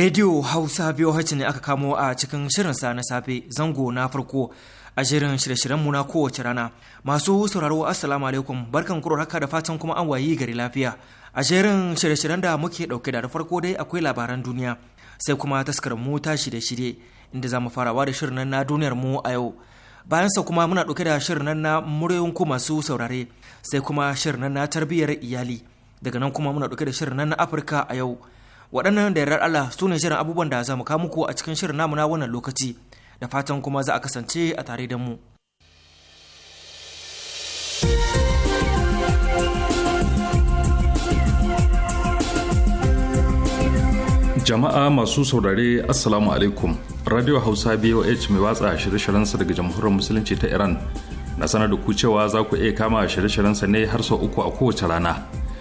Rediyo Hausa biyu haci ne aka kamo a cikin shirinsa na safe zango na farko a shirin shirye-shiryenmu na kowace rana. Masu sauraro Assalamu alaikum barkan kuro haka da fatan kuma an wayi gari lafiya. A shirin shirye-shiryen da muke dauke da farko dai akwai labaran duniya sai kuma taskar mu tashi da shirye inda za mu farawa da shirin na duniyar mu a yau. Bayan sa kuma muna dauke da shirin na muryoyin ku masu saurare sai kuma shirin na tarbiyyar iyali. Daga nan kuma muna dauke da shirin na Afirka a yau. waɗannan da yarar Allah su ne shirin abubuwan da za mu kawo muku a cikin shirin namu na wannan lokaci da fatan kuma za a kasance a tare da mu jama'a masu saurare assalamu alaikum radio hausa boh mai watsa shirye shiryen sa daga jamhuriyar musulunci ta iran na sanar da ku cewa za ku iya kama shirye shiryen sa ne har sau uku a kowace rana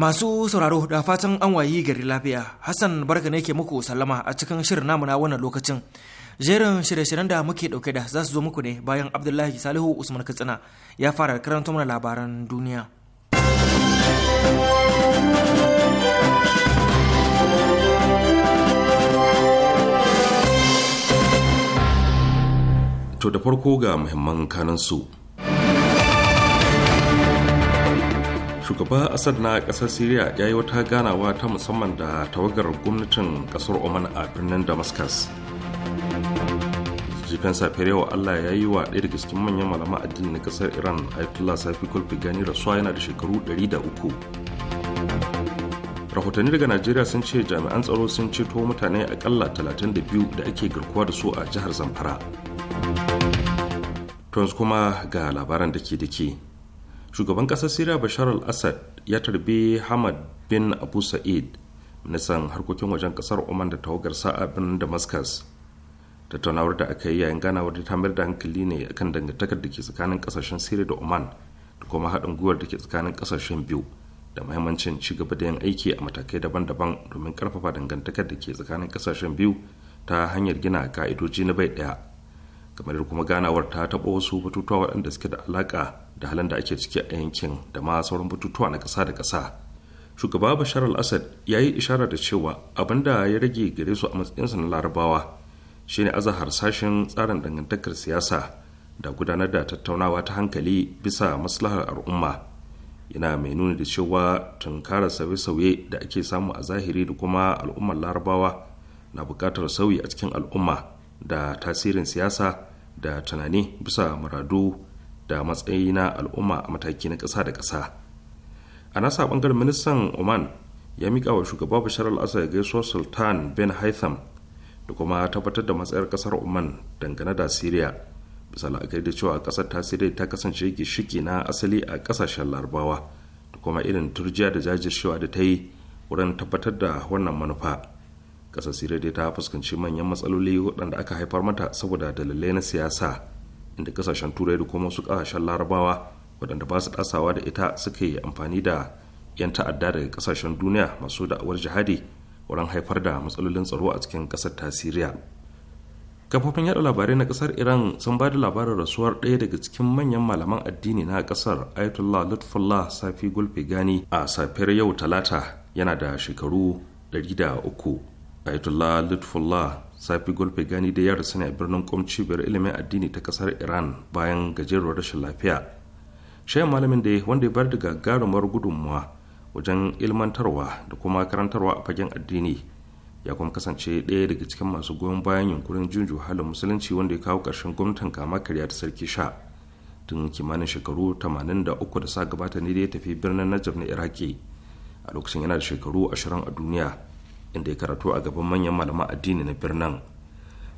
Masu sauraro da fatan an wayi gari lafiya, Hassan barka ne ke muku sallama a cikin shirin namuna wannan lokacin. Jerin shirye-shiryen da muke ɗauke da za su zo muku ne bayan Abdullahi Salihu Usman Katsina ya fara karanta mana labaran duniya. To da farko ga muhimman kanansu. su. shugaba asad na kasar syria ya yi wata ganawa ta musamman da tawagar gwamnatin kasar oman a birnin damascus jifin safiyar yawa allah ya yi wa ɗaya daga cikin manyan malaman addini na kasar iran ayatollah safi kulfi gani rasuwa yana da shekaru 103 rahotanni daga najeriya sun ce jami'an tsaro sun ceto mutane akalla 32 da ake garkuwa da su a jihar zamfara tons kuma ga labaran da ke da ke shugaban ƙasar syria bashar al-assad ya tarbi hamad bin abu sa'id san harkokin wajen ƙasar oman da tawagar sa'a birnin damascus tattaunawar da aka yi yayin ganawar da ta da hankali ne akan dangantakar da ke tsakanin kasashen syria da oman da kuma haɗin gwiwar da ke tsakanin kasashen biyu da mahimmancin ci gaba da yin aiki a matakai daban-daban domin karfafa dangantakar da ke tsakanin kasashen biyu ta hanyar gina ka'idoji na bai ɗaya kamar kuma ganawar ta taɓa wasu batutuwa waɗanda suke da alaƙa da halin da ake ciki a yankin da ma sauran bututuwa na ƙasa da ƙasa shugaba bashar al-assad ya yi ishara da cewa abin da ya rage gare su a matsayinsu na larabawa shine aza harsashin tsarin dangantakar siyasa da gudanar da tattaunawa ta hankali bisa maslahar al'umma yana mai nuni da cewa tunkara sauye-sauye da ake samu a zahiri da kuma al'ummar larabawa na bukatar sauyi a cikin al'umma da tasirin siyasa da tunani bisa muradu da matsayi na al'umma a mataki na ƙasa da ƙasa a nasa bangar ministan oman ya mika wa shugaba bashar al-assad gaisuwar sultan bin haitham da kuma tabbatar da matsayar ƙasar oman dangane da syria bisa la'akari da cewa ƙasar ta syria ta kasance gishiki na asali a ƙasashen larabawa da kuma irin turjiya da jajircewa da ta yi wurin tabbatar da wannan manufa ƙasar syria dai ta fuskanci manyan matsaloli waɗanda aka haifar mata saboda dalilai na siyasa inda kasashen turai da kuma wasu kasashen larabawa waɗanda ba su ɗasawa da ita suka yi amfani da 'yan ta'adda daga kasashen duniya masu da'awar jihadi wurin haifar da matsalolin tsaro a cikin ƙasar ta siriya kafofin yada labarai na ƙasar iran sun ba da labarin rasuwar ɗaya daga cikin manyan malaman addini na ƙasar ayatollah lutfullah safi Gani a safiyar yau talata yana da shekaru 103 ayatollah lutfullah safi golfe gani da yara a birnin kom cibiyar ilimin addini ta kasar iran bayan gajeruwar rashin lafiya shayin malamin da wanda ya bar da gagarumar gudunmuwa wajen ilmantarwa da kuma karantarwa a fagen addini ya kuma kasance ɗaya daga cikin masu goyon bayan yunkurin junju halin musulunci wanda ya kawo ƙarshen gwamnatin kama karya ta sarki sha tun kimanin shekaru tamanin da uku da sa gabata ne da ya tafi birnin najaf na iraki a lokacin yana da shekaru ashirin a duniya inda ya karatu a gaban manyan malaman addini na birnin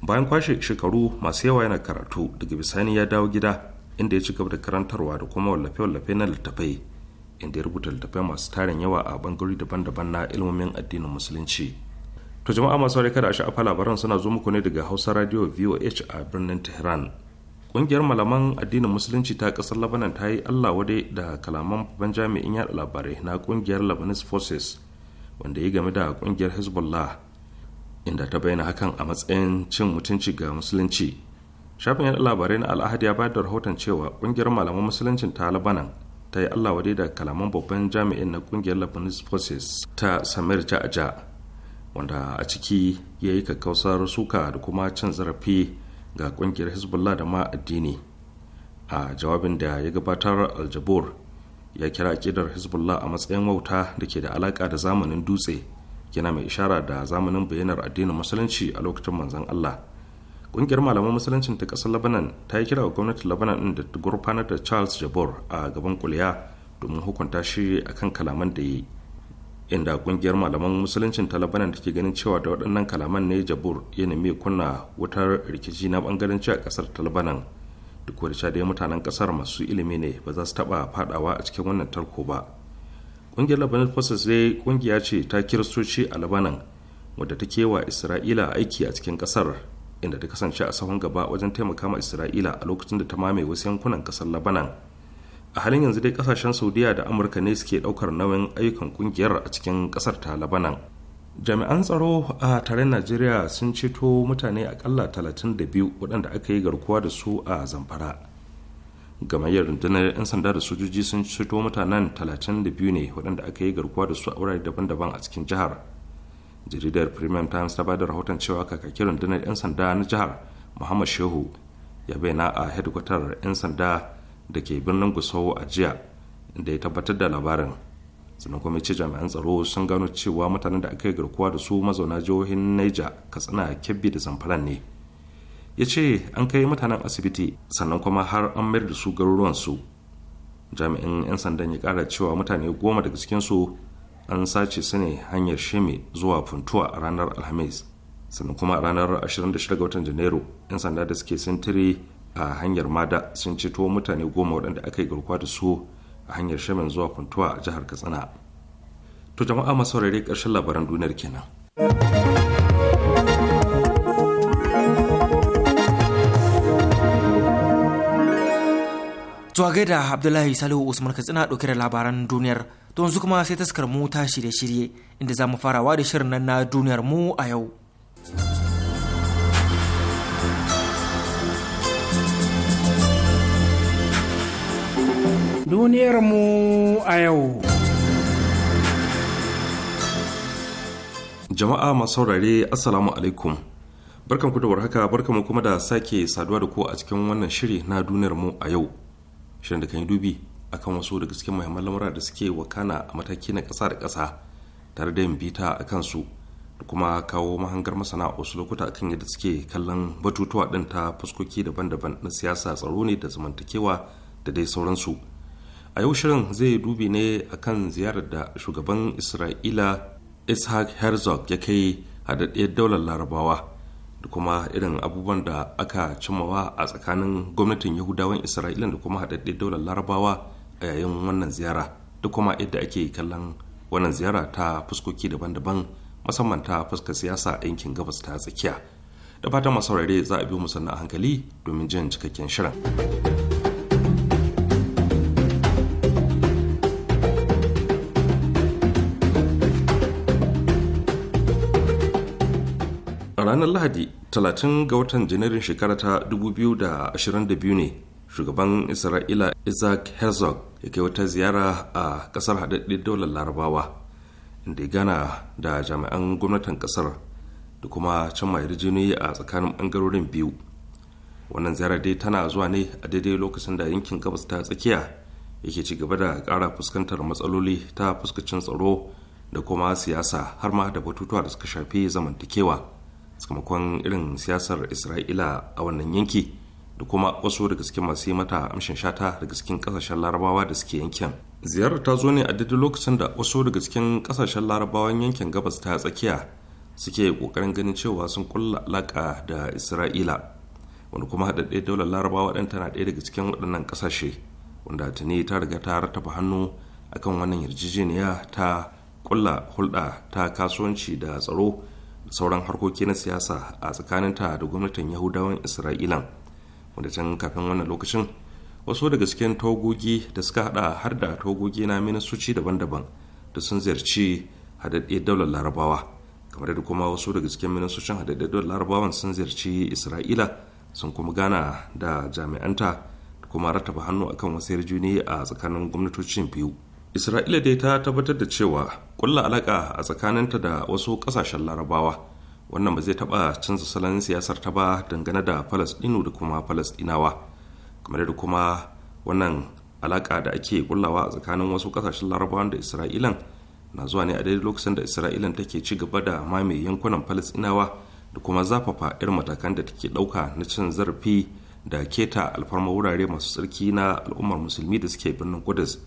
bayan kwashe shekaru masu yawa yana karatu daga bisani ya dawo gida inda ya ci gaba da karantarwa da kuma wallafe-wallafe na littafai inda ya rubuta littafai masu tarin yawa a bangarori daban-daban na ilmomin addinin musulunci to jama'a masu kada a sha'afa labaran suna zo muku ne daga hausa radio voh a birnin tehran ƙungiyar malaman addinin musulunci ta kasar labanan ta yi allah wadai da kalaman babban jami'in yaɗa labarai na ƙungiyar lebanese forces wanda ya game da kungiyar hezbollah inda ta bayyana hakan a matsayin cin mutunci ga musulunci shafin yada labarai na al'ahad ya bayar da rahoton cewa kungiyar malaman musuluncin ta labanan ta yi allah wadai da kalaman babban jami'in na kungiyar lebanese forces ta samir ja'aja wanda a ciki ya yi kakkausar suka da kuma cin zarafi ga kungiyar hezbollah da ma addini a jawabin da ya gabatar aljabur ya kira kidar hezbollah a matsayin wauta da ke da alaka da zamanin dutse yana mai ishara da zamanin bayanar addinin musulunci a lokacin manzon allah ƙungiyar malaman musuluncin ta kasar labanan ta yi kira ga gwamnatin labanan din da gurfanar da charles jabor a gaban kuliya domin hukunta shi akan kalaman da yi inda kungiyar malaman musuluncin ta labanan take ganin cewa da waɗannan kalaman ne jabur ya nemi kunna wutar rikici na bangaranci a kasar ta labanan duk wani cewa dai mutanen kasar masu ilimi ne ba za su taba fadawa a cikin wannan tarko ba ƙungiyar labanin forces dai ƙungiya ce ta kiristoci a labanan wadda ta kewa isra'ila aiki a cikin kasar inda ta kasance a sahun gaba wajen taimaka ma isra'ila a lokacin da ta mame wasu yankunan kasar labanan a halin yanzu dai kasashen saudiya da amurka ne suke daukar nauyin ayyukan kungiyar a cikin kasar ta labanan jami'an tsaro a tare najeriya sun ceto mutane akalla 32 waɗanda aka yi garkuwa da su a zamfara gamayyar rundunar 'yan sanda da sojoji sun ceto mutanen 32 ne waɗanda aka yi garkuwa da su a wurare daban-daban a cikin jihar jaridar premium times ta ba da rahoton cewa kakakin rundunar 'yan sanda na jihar muhammad shehu ya bayyana a hedkwatar 'yan sanda da ke birnin gusau a jiya da ya tabbatar da labarin sannan kuma ce jami'an tsaro sun gano cewa mutanen da aka yi garkuwa da su mazauna jihohin niger katsina kebbi da zamfaran ne ya ce an kai mutanen asibiti sannan kuma har an mayar da su garuruwansu jami'in 'yan sandan ya kara cewa mutane goma daga cikinsu an sace su ne hanyar sheme zuwa funtuwa a ranar alhamis sannan kuma a ranar 26 ga watan janairu 'yan sanda da suke sintiri a hanyar mada sun ceto mutane goma waɗanda aka yi garkuwa da su a hanyar shaman zuwa kuntuwa a jihar katsina to jama'a masu saurare ƙarshen labaran duniyar kenan Zuwa gaida Abdullahi Salihu Usman Katsina ɗauke da labaran duniyar to yanzu kuma sai taskar mu ta shirye-shirye inda za mu farawa da shirin nan na duniyar mu a yau. duniyarmu a yau. Jama'a masu saurare Assalamu alaikum. Barkan ku da warhaka barkanmu kuma da sake saduwa da ku a cikin wannan shiri na duniyar mu a yau. Shirin da kan yi dubi akan wasu daga cikin muhimman lamura da suke wakana a mataki na ƙasa da ƙasa tare da yin bita a kansu da kuma kawo mahangar masana a wasu lokuta akan yadda suke kallon batutuwa ɗin ta fuskoki daban-daban na siyasa tsaro ne da zamantakewa da dai sauransu. a yau shirin zai dubi ne akan ziyarar da shugaban isra'ila ishaq herzog ya kai haɗaɗɗiyar daular larabawa da kuma irin abubuwan da aka cimawa a tsakanin gwamnatin yahudawan isra'ila da kuma haɗaɗɗiyar daular larabawa a yayin wannan ziyara da kuma yadda ake kallon wannan ziyara ta fuskoki daban-daban musamman ta fuskar siyasa a yankin gabas ta tsakiya da fatan masaurare za a biyo mu hankali domin jin cikakken shirin. a ranar lahadi 30 ga watan janairun shekara ta 2022 ne shugaban isra'ila isaac herzog ya kai wata ziyara a kasar haɗaɗɗen daular larabawa inda ya gana da jami'an gwamnatin kasar da kuma can mai a tsakanin ɓangarorin biyu wannan ziyarar dai tana zuwa ne a daidai lokacin da yankin gabas ta tsakiya yake ci gaba da ƙara fuskantar matsaloli ta fuskacin tsaro da kuma siyasa har ma da batutuwa da suka shafi zamantakewa sakamakon irin siyasar isra'ila a wannan yanki da kuma wasu daga cikin masu yi mata amshin shata daga cikin kasashen larabawa da suke yankin ziyarar ta zo ne a daidai lokacin da wasu daga cikin kasashen larabawan yankin gabas ta tsakiya suke kokarin ganin cewa sun kulla alaka da isra'ila wanda kuma haɗaɗɗe daular larabawa ɗin tana ɗaya daga cikin waɗannan ƙasashe wanda tuni ta riga ta rattaba hannu akan wannan yarjejeniya ta kulla hulɗa ta kasuwanci da tsaro sauran harkoki na siyasa a tsakaninta da gwamnatin yahudawan isra'ila wanda can kafin wannan lokacin wasu daga cikin togogi da suka hada har da togogi na ministoci daban-daban da sun ziyarci haɗaɗɗiyar daular larabawa kamar da kuma wasu daga cikin ministocin haɗaɗɗiyar daular larabawan sun ziyarci isra'ila sun kuma gana da jami'anta da kuma rattaba hannu akan wasu yarjejeniyoyi a tsakanin gwamnatocin biyu isra'ila dai ta tabbatar da cewa kulla alaka a tsakaninta da wasu kasashen larabawa wannan ba zai taɓa canza salon siyasar ta ba dangane da falasɗinu da kuma falasɗinawa kamar da kuma wannan alaka da ake kullawa a tsakanin wasu kasashen larabawan da isra'ilan na zuwa ne a daidai lokacin da isra'ilan take ci gaba da mamaye yankunan falasɗinawa da kuma zafafa irin matakan da take ɗauka na cin zarafi da keta alfarma wurare masu tsarki na al'ummar musulmi da suke birnin kudus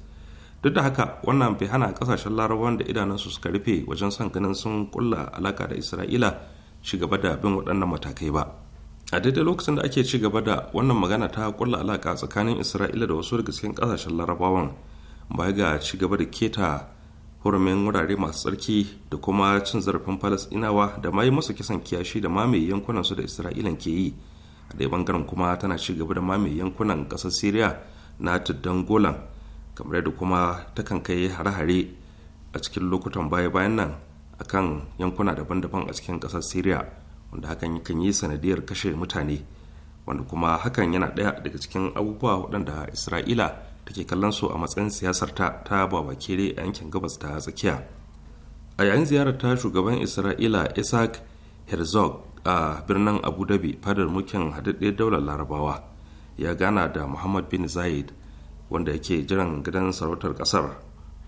duk da haka wannan bai hana kasashen larabawan da idanunsu suka rufe wajen son ganin sun kulla alaka da isra'ila ci gaba da bin waɗannan matakai ba a daidai lokacin da ake ci gaba da wannan magana ta kulla alaka tsakanin isra'ila da wasu daga cikin kasashen larabawan baya ga ci gaba da keta hurumin wurare masu tsarki da kuma cin zarafin falasɗinawa da ma yi musu kisan kiyashi da mamaye yankunansu da israila ke yi a daidai bangaren kuma tana ci gaba da mamaye yankunan ƙasar syria na tuddan golan kamar da kuma takan kai hare-hare a cikin lokutan baya-bayan nan a kan yankuna daban-daban a cikin ƙasar syria wanda hakan kan yi sanadiyar kashe mutane wanda kuma hakan yana ɗaya daga cikin abubuwa waɗanda isra'ila take kallon su a matsayin siyasar ta ta kere a yankin gabas ta tsakiya a yayin ziyarar ta shugaban isra'ila isaac herzog a birnin abu dhabi fadar mulkin haɗaɗɗiyar daular larabawa ya gana da muhammad bin zayed wanda yake jiran gidan sarautar kasar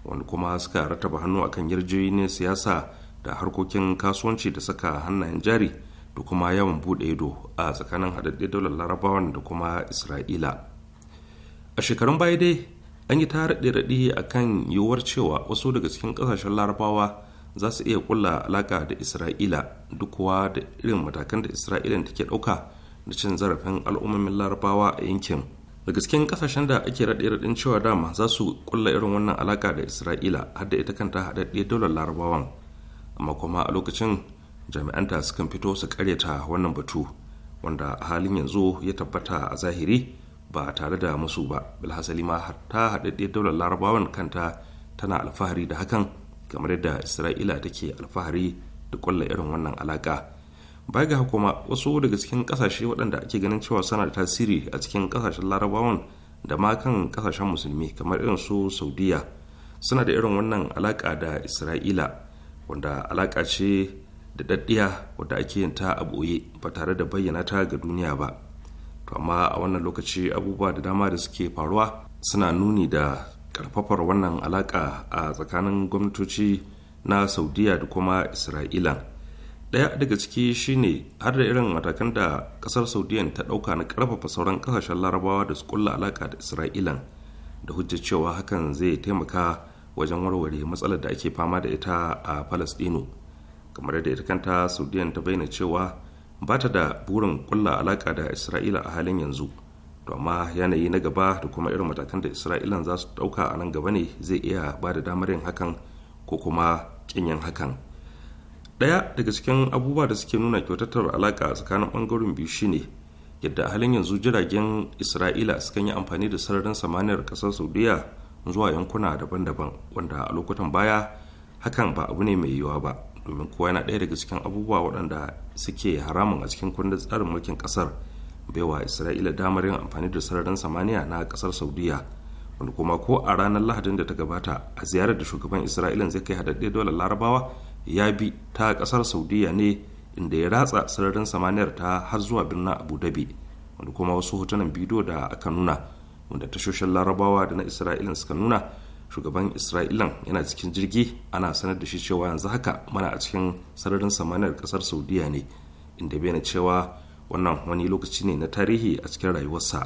wanda kuma suka rataba hannu akan yarjejeniyar siyasa da harkokin kasuwanci da saka hannayen jari da kuma yawan bude ido a tsakanin haɗaɗɗe daular larabawan da kuma isra'ila a shekarun baya dai an yi ta a kan yiwuwar cewa wasu daga cikin ƙasashen larabawa za su iya kulla alaƙa da isra'ila duk kuwa da irin matakan da isra'ila take ɗauka da cin zarafin al'ummomin larabawa a yankin da cikin kasashen da ake raɗe-raɗin cewa dama za su kulla irin wannan alaka da isra'ila har da ita kanta haɗaɗɗe daular larabawan amma kuma a lokacin jami'anta sukan fito su karyata wannan batu wanda a halin yanzu ya tabbata a zahiri ba tare da musu ba bilhassali ma ta haɗaɗɗe daular larabawan kanta tana alfahari da hakan kamar yadda isra'ila take alfahari da kulla irin wannan alaka baya ga kuma wasu daga cikin kasashe waɗanda ake ganin cewa suna da tasiri a cikin kasashen larabawan da ma kan kasashen musulmi kamar irin su saudiya suna da irin wannan alaƙa da isra'ila wanda alaƙa ce da daddiya wadda ake yin ta a ɓoye ba tare da bayyana ta ga duniya ba to amma a wannan lokaci abubuwa da dama da suke faruwa suna nuni da karfafar wannan alaƙa a tsakanin gwamnatoci na saudiya da kuma isra'ila ɗaya daga ciki shine har da irin matakan da kasar saudiyan ta ɗauka na karfafa sauran kasashen larabawa da su kulla alaka da isra'ilan da hujjar cewa hakan zai taimaka wajen warware matsalar da ake fama da ita a palestino kamar da ita kanta saudiyan ta bayyana cewa ba ta da burin kulla alaka da isra'ila a halin yanzu to amma yanayi na gaba da kuma irin matakan da isra'ilan za su ɗauka a nan gaba ne zai iya ba da damar yin hakan ko kuma yin hakan daya daga cikin abubuwa da suke nuna kyautattar alaka tsakanin bangaren biyu shine yadda a halin yanzu jiragen isra'ila sukan yi amfani da sararin samaniyar ƙasar saudiya zuwa yankuna daban-daban wanda a lokutan baya hakan ba abu ne mai yiwuwa ba domin kowa yana daya daga cikin abubuwa waɗanda suke haramun a cikin kundin tsarin mulkin ƙasar baiwa isra'ila damar yin amfani da sararin samaniya na kasar saudiya wanda kuma ko a ranar lahadin da ta gabata a ziyarar da shugaban isra'ila zai kai haɗaɗɗe dole larabawa ya bi ta kasar saudiya ne inda ya ratsa sararin samaniyar ta har zuwa birnin abu dhabi wanda kuma wasu hotunan bidiyo da aka nuna wanda tashoshin larabawa da na isra'ilan suka nuna shugaban isra'ilan yana cikin jirgi ana sanar da shi cewa yanzu haka mana a cikin sararin samaniyar kasar saudiya ne inda na cewa wannan wani lokaci ne na tarihi a cikin rayuwarsa.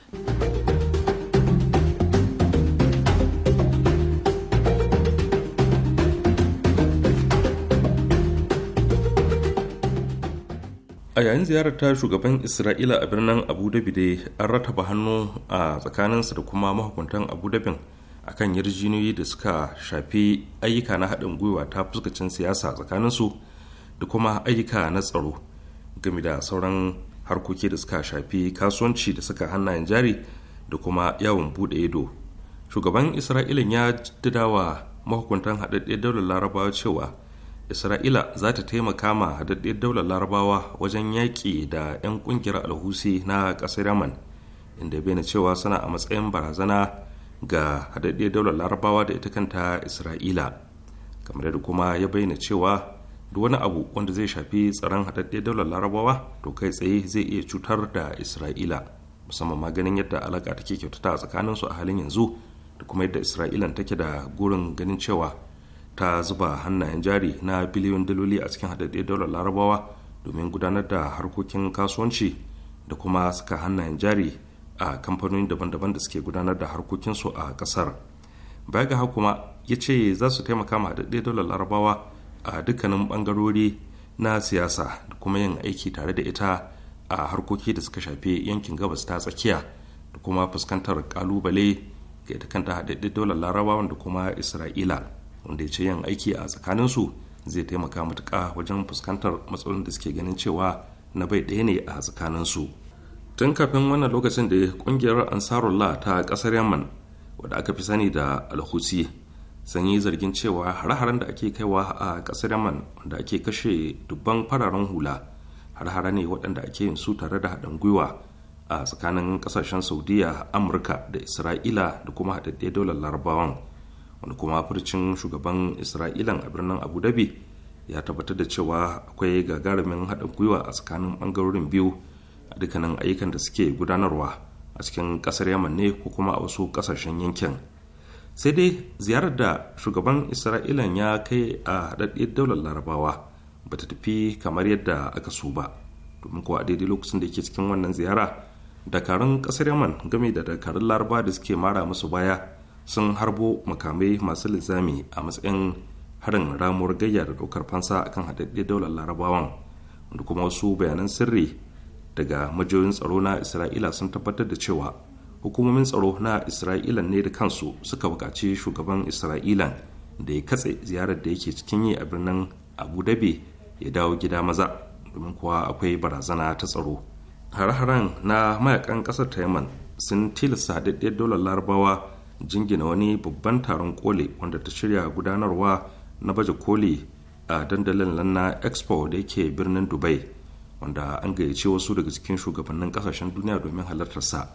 a yayin ziyarar ta shugaban isra'ila a birnin abu dhabi dai an rataba hannu a tsakaninsa da kuma mahukuntan abu a akan yarjiniyoyi da suka shafi ayyuka na haɗin gwiwa ta fuskacin siyasa tsakaninsu da kuma ayyuka na tsaro game da sauran harkoki da suka shafi kasuwanci da suka hannayen jari da kuma yawon buɗe ido shugaban isra'ila ya wa mahukuntan haɗaɗɗen daular larabawa cewa isra'ila za ta taimaka ma haɗaɗɗiyar daular larabawa wajen yaƙi da 'yan ƙungiyar alhusi na ƙasar yaman inda baina cewa suna a matsayin barazana ga haɗaɗɗiyar daular larabawa da ita kanta isra'ila kamar yadda kuma ya bayyana cewa duk wani abu wanda zai shafi tsaron haɗaɗɗiyar daular larabawa to kai tsaye zai iya cutar da isra'ila musamman ma ganin yadda alaƙa take kyautata a tsakaninsu a halin yanzu da kuma yadda isra'ilan take da gurin ganin cewa ta zuba hannayen jari na biliyon daloli a cikin haɗaɗɗiyar daular larabawa domin gudanar da harkokin kasuwanci da kuma suka hannayen jari a kamfanoni daban-daban da suke gudanar da harkokinsu a ƙasar baya ga kuma ya ce za su taimaka ma haɗaɗɗiyar daular larabawa a dukkanin ɓangarori na siyasa da kuma yin aiki tare da ita a harkoki da suka shafi yankin gabas ta tsakiya da kuma fuskantar ƙalubale ga ita kanta haɗaɗɗiyar daular larabawan da kuma isra'ila wanda ya ce yin aiki a tsakaninsu zai taimaka matuƙa wajen fuskantar matsalolin da suke ganin cewa na bai ɗaya ne a tsakaninsu tun kafin wannan lokacin da ƙungiyar ansarullah ta ƙasar yaman wadda aka fi sani da alhusi sun yi zargin cewa har haren da ake kaiwa a ƙasar yaman wanda ake kashe dubban fararen hula har hare ne waɗanda ake yin su tare da haɗin gwiwa a tsakanin ƙasashen saudiya amurka da isra'ila da kuma haɗaɗɗe dole larabawan Wani kuma furcin shugaban isra'ilan a birnin abu dhabi ya tabbatar da cewa akwai gagarumin haɗin gwiwa a tsakanin ɓangarorin biyu a dukkanin ayyukan da suke gudanarwa a cikin ƙasar yaman ne ko kuma a wasu ƙasashen yankin sai dai ziyarar da shugaban isra'ilan ya kai a haɗaɗɗe daular larabawa ba ta tafi kamar yadda aka so ba domin kuwa a daidai lokacin da yake cikin wannan ziyara dakarun ƙasar yaman game da dakarun larabawa da suke mara musu baya sun harbo makamai masu linzami a matsayin harin ramuwar gayya da ɗaukar fansa kan haɗaɗɗe daular larabawan da kuma wasu bayanan sirri daga majiyoyin tsaro na isra'ila sun tabbatar da cewa hukumomin tsaro na isra'ila ne da kansu suka bukaci shugaban isra'ilan da ya katse ziyarar da yake cikin yi a birnin abu dhabi ya dawo gida maza domin kuwa akwai barazana ta tsaro hare-haren na mayakan ƙasar ta sun tilasta haɗaɗɗiyar daular larabawa jingina wani babban taron koli wanda ta shirya gudanarwa na baje koli a dandalin lanna expo da yake birnin dubai wanda an gayyace wasu daga cikin shugabannin kasashen duniya domin halartarsa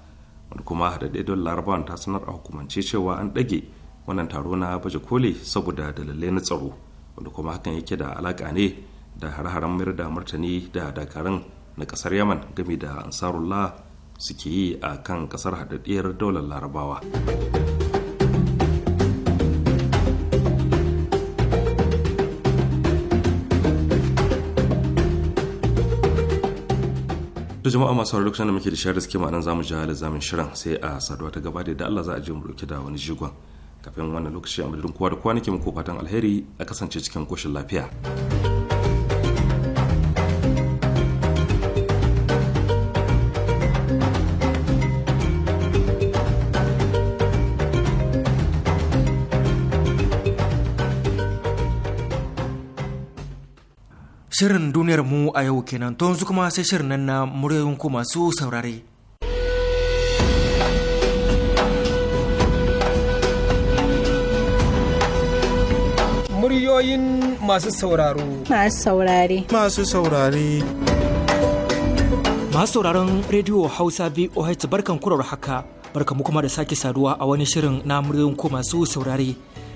wanda kuma da don larabawan ta sanar a hukumance cewa an ɗage wannan taro na baje koli saboda dalilai na tsaro wanda kuma hakan yake da alaƙa ne da hare-haren mayar da martani da dakarun na ƙasar yaman game da ansarullah suke yi a kan kasar haɗaɗɗiyar daular larabawa da jama'a masu wani lokacin da muke da shari'a suke ma'anan zamu jihar da zamin shirin sai a saduwa ta gaba da Allah za a je mu dauke da wani jigon kafin wannan lokaci a madadin kowa da kowa nake muku fatan alheri a kasance cikin koshin lafiya. Shirin duniyar mu a yau kenan to yanzu kuma sai shirin nan na muryoyin ku masu saurare. Muryoyin masu sauraro. Masu saurare. Masu saurare. Masu sauraron rediyo Hausa BOH barkan kurar haka. barkan mu kuma da sake saduwa a wani shirin na muryoyin ku masu saurare.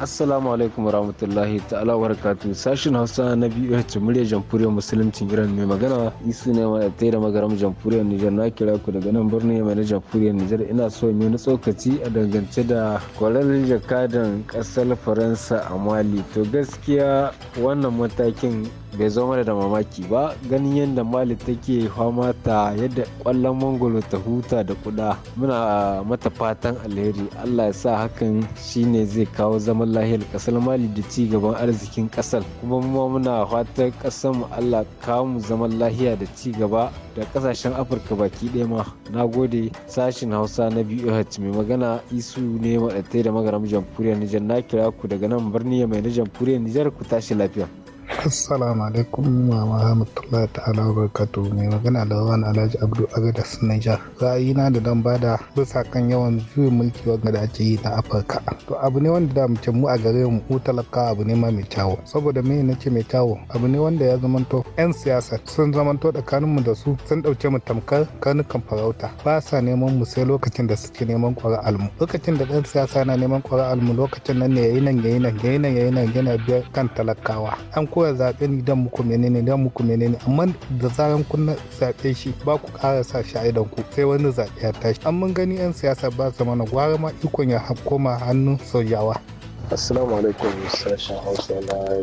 assalamu alaikum warahmatullahi ta'ala barakatu sashin hausa na biyu muryar jamhuriyar musuluncin iran mai magana isu ne ma da magaram jamhuriyar nijar na kira ku daga nan birni mai na jamhuriyar nijar ina so yi na tsokaci a dangance da kwararren jakadan kasar faransa a mali to gaskiya wannan matakin bai zama mana da mamaki ba ganin yadda mali take fama ta yadda kwallon mangolo ta huta da kuda muna mata fatan alheri allah ya sa hakan shine zai kawo zaman lahiyar kasar mali da ci gaban arzikin kasar kuma mu muna fatan kasar mu allah kawo mu zaman lahiya da ci gaba da kasashen afirka baki ɗaya ma na gode sashin hausa na biyu mai magana isu ne maɗatai da magaram jamhuriyar nijar na kira ku daga nan birni mai na jamhuriyar nijar ku tashi lafiya Assalamu alaikum mama Hamdulillah ta'ala wa barakatuh mai magana da wani Alhaji Abdu Agadas Ra'ayi na da dan bada bisa kan yawan juyin mulki wanda da ake yi na Afirka to abu ne wanda da mutum mu a gare mu mu talaka abu ne ma mai kyawo saboda me nace mai kyawo abu ne wanda ya to yan siyasa sun zamanto tsakanin mu da su sun dauke mu tamkar karnukan farauta ba sa neman mu sai lokacin da suke neman ƙwara'al mu lokacin da dan siyasa na neman ƙwara'al mu lokacin nan ne yayi nan yayi nan yayi nan yayi nan yana biyar kan talakawa an ko koya zaɓe ni dan muku menene dan muku menene amma da zaran kun zaɓe shi ba ku ƙara sa shi a ku sai wani zaɓe ya tashi an mun gani 'yan siyasa ba su mana gwara ma ikon ya koma hannun sojawa Assalamu alaikum sashen Hausa na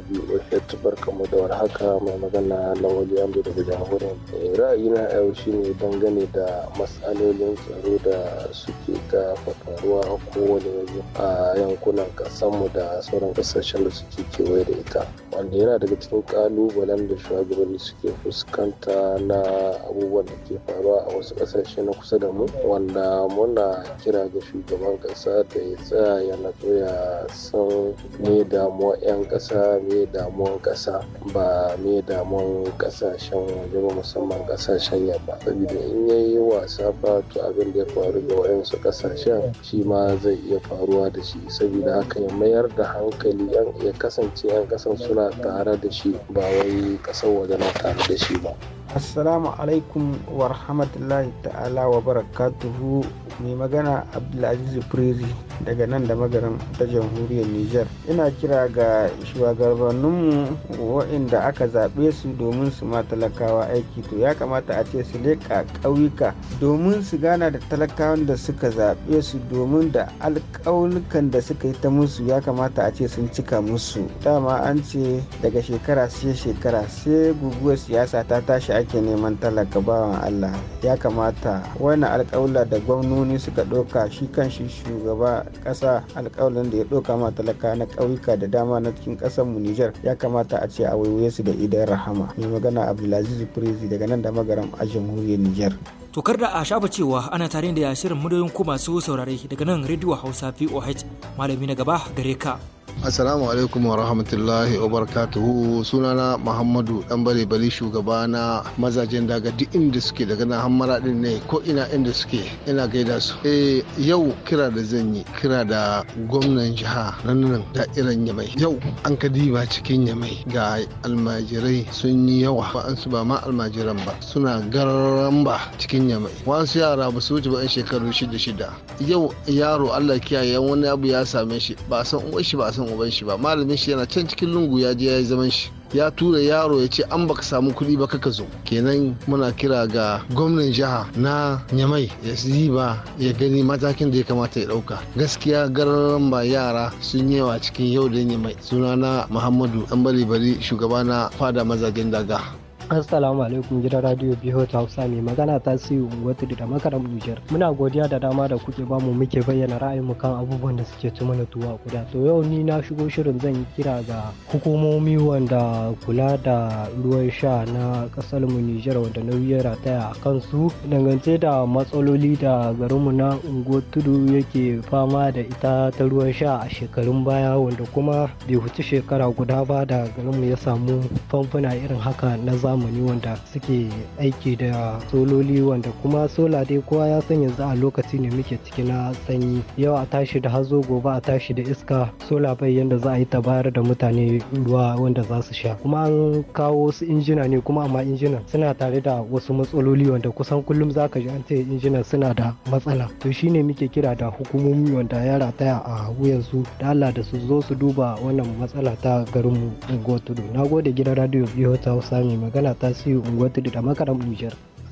tubarka mu da warhaka mai magana Lawali Amdo daga jamhuriyar. Ra'ayina yau shine dangane da matsalolin tsaro da suke ta faruwa a kowane waje a yankunan kasanmu da sauran ƙasashen da suke kewaye da ita. Wanda yana daga cikin kalubalen da shugabanni suke fuskanta na abubuwan da ke faruwa a wasu ƙasashe na kusa da mu wanda muna kira ga shugaban ƙasa da ya tsaya ya natsu ya san me damuwa 'yan ƙasa me damuwan ƙasa ba me damuwan ƙasashen waje ba musamman ƙasashen yamma saboda in ya yi wasa fa to abin da ya faru ga wayansu ƙasashen shi ma zai iya faruwa da shi saboda haka ya mayar da hankali ya kasance 'yan ƙasan suna tare da shi ba wai ƙasar waje na tare da shi ba. assalamu alaikum wa rahmatullahi ta'ala wa barakatuhu mai magana abdulaziz prezi daga nan da magaran ta jamhuriyar nijar ina kira ga shugabanninmu waɗanda aka zaɓe su domin su ma talakawa aiki to ya kamata a ce su leƙa ƙauyuka domin su gana da talakawan da suka zaɓe su domin da alƙaunukan da suka yi ta musu ya kamata a ce sun cika musu dama an ce daga shekara sai shekara sai guguwar siyasa ta tashi ake neman talaka bawan Allah ya kamata wani alkawula da gwamnoni suka ɗauka shi kan shi shugaba ƙasa alƙawlin da ya ɗauka ma talaka na ƙauyuka da dama na cikin ƙasar mu Nijar ya kamata a ce a waiwaye su da idan rahama ne magana Abdulaziz Prezi daga nan da magaram a jamhuriyar Nijar. Tokar da a shafa cewa ana tare da yashirin muryoyin ku masu saurare daga nan rediyo Hausa VOH malami na gaba gare ka. Assalamu alaikum wa rahmatullahi wa barakatuhu sunana Muhammadu dan bale bali shugaba na mazajen daga duk inda suke daga na hammara din ne ko ina inda suke ina gaida su. Eh yau kira da zan yi kira da gwamnan jiha nan nan irin Yamai. Yau an ka diba cikin Yamai ga almajirai sun yi yawa ba an su ba ma almajiran ba suna garamba cikin Yamai. Wasu yara ba su wuce ba an shekaru shida shida. Yau yaro Allah kiyaye wani abu ya same shi ba san uwar shi ba san uban shi ba malamin shi yana can cikin lungu ya je ya yi zaman shi ya tura yaro ya ce an baka samu kuɗi ba kaka zo kenan muna kira ga gwamnan jiha na nyamai ya ba ya gani matakin da ya kamata ya ɗauka gaskiya gararan ba yara sun yi yawa cikin yau da nyamai suna na muhammadu an bari bari shugaba na fada mazajen daga Assalamu alaikum gidan radio biyu ta Hausa mai magana ta siyu wata da makaram Nijar. Muna godiya da dama da kuke ba mu muke bayyana ra'ayin mu kan abubuwan da suke ci na tuwa guda. To yau ni na shigo shirin zan kira ga hukumomi wanda kula da ruwan sha na kasar mu Nijar wanda na wuya rataya a su dangance da matsaloli da garinmu na Ungwatudu yake fama da ita ta ruwan sha a shekarun baya wanda kuma bai huci shekara guda ba da garinmu ya samu famfuna irin haka na zamani. zamani wanda suke aiki da sololi wanda kuma sola dai kowa ya san yanzu a lokaci ne muke ciki na sanyi yau a tashi da hazo gobe a tashi da iska sola bai yanda za a yi ta bayar da mutane ruwa wanda za su sha kuma an kawo su injina ne kuma amma injinan suna tare da wasu matsaloli wanda kusan kullum za ka ji an ce injina suna da matsala to shine muke kira da hukumomi wanda ya rataya a wuyansu da Allah da su zo su duba wannan matsala ta garinmu Gotudu. Na gode gidan radio biyu ta Hausa mai magana la sih, se u waati dira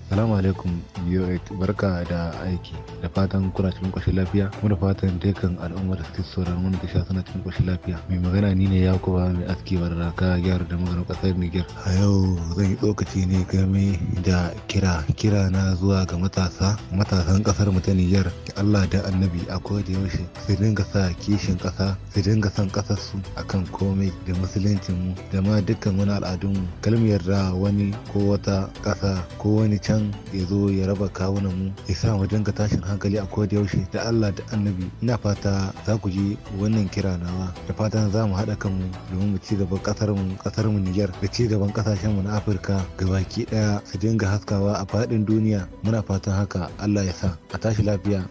Salamu alaikum BOX barka da aiki da fatan kuna cikin lafiya kuma da fatan dukkan al'ummar da suke sauran wani tasha suna cikin ƙoshin lafiya. Mai magana ni ne Yakuba mai aski ka gyara da magana kasar Niger. A yau zan yi tsokaci ne game da kira kira na zuwa ga matasa matasan kasar mu ta Niger Ki Allah da Annabi a da yaushe su dinga sa kishin ƙasa su dinga san kasar su akan komai da musuluncin mu da ma dukkan wani al'adun mu kalmar da wani ko wata ƙasa ko wani can can ya zo ya raba kawunan mu ya sa mu dinga tashin hankali a koda yaushe da Allah da annabi ina fata za ku ji wannan kira nawa da fatan za mu haɗa kanmu domin mu ci gaban ƙasar mu ƙasar mu Niger da ci gaban ƙasashen mu na Afirka gabaki ɗaya su dinga haskawa a faɗin duniya muna fatan haka Allah ya sa a tashi lafiya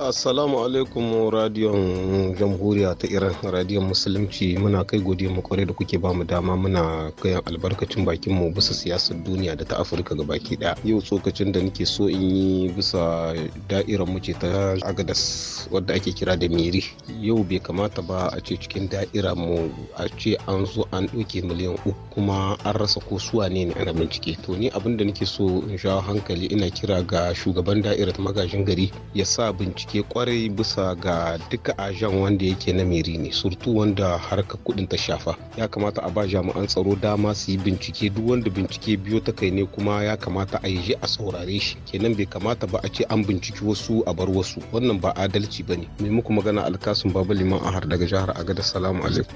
Assalamu alaikum radiyon jamhuriya ta Iran radiyon musulunci muna kai godiya mu kwarai da kuke ba mu dama muna kai albarkacin bakin mu bisa siyasar duniya da ta Afirka gabaki ɗaya yau tsokacin da nake so in yi bisa da'irar muke ce ta Agadas wadda ake kira da Meri yau bai kamata ba a ce cikin da'ira mu a ce an zo an ɗauke miliyan uku kuma an rasa ko suwa ne ne ana bincike to ni abin da nake so in sha hankali ina kira ga shugaban da'irar magajin gari ya sa bincike kwarai bisa ga duka ajan wanda yake na Meri ne surtu wanda harkar kuɗin ta shafa ya kamata a ba jami'an tsaro dama su yi bincike duk wanda bincike biyo ta kai ne kuma ya kamata a yi shi a saurare shi kenan bai kamata ba a ce an binciki wasu a bar wasu wannan ba adalci ba ne mai muku magana alkasun babu liman har daga jihar agadar salamu alaikum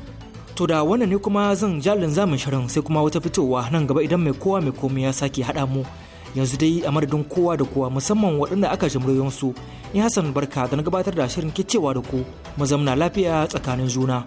to da wannan ne kuma zan jalin zamin shirin sai kuma wata fitowa nan gaba idan mai kowa mai komai ya sake haɗa mu yanzu dai a madadin kowa da kowa musamman waɗanda aka ji su ni hassan barka da na gabatar da shirin kicewa da ku mu zamna lafiya tsakanin juna.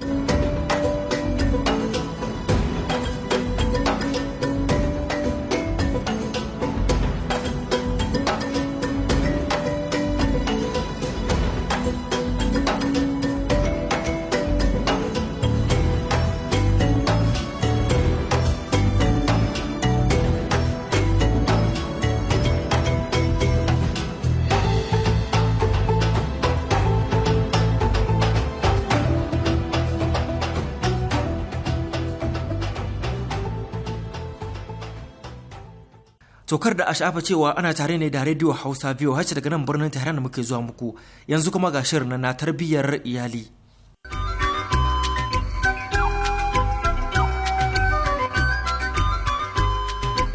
Tokar da a sha'afa cewa ana tare ne da rediyo Hausa biyu hace daga nan birnin Tehran da muke zuwa muku yanzu kuma ga shirin na tarbiyyar iyali.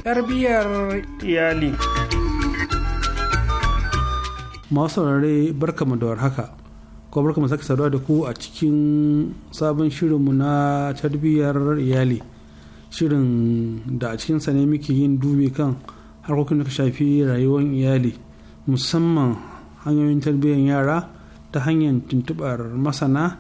Tarbiyyar iyali. Masu saurare mu da warhaka. ko mu saki saduwa da ku a cikin sabon shirinmu na tarbiyyar iyali. shirin da a cikinsa ne muke yin dubi kan harkokin da ka shafi rayuwar iyali musamman hanyoyin tarbiyyar yara ta hanyar tuntubar masana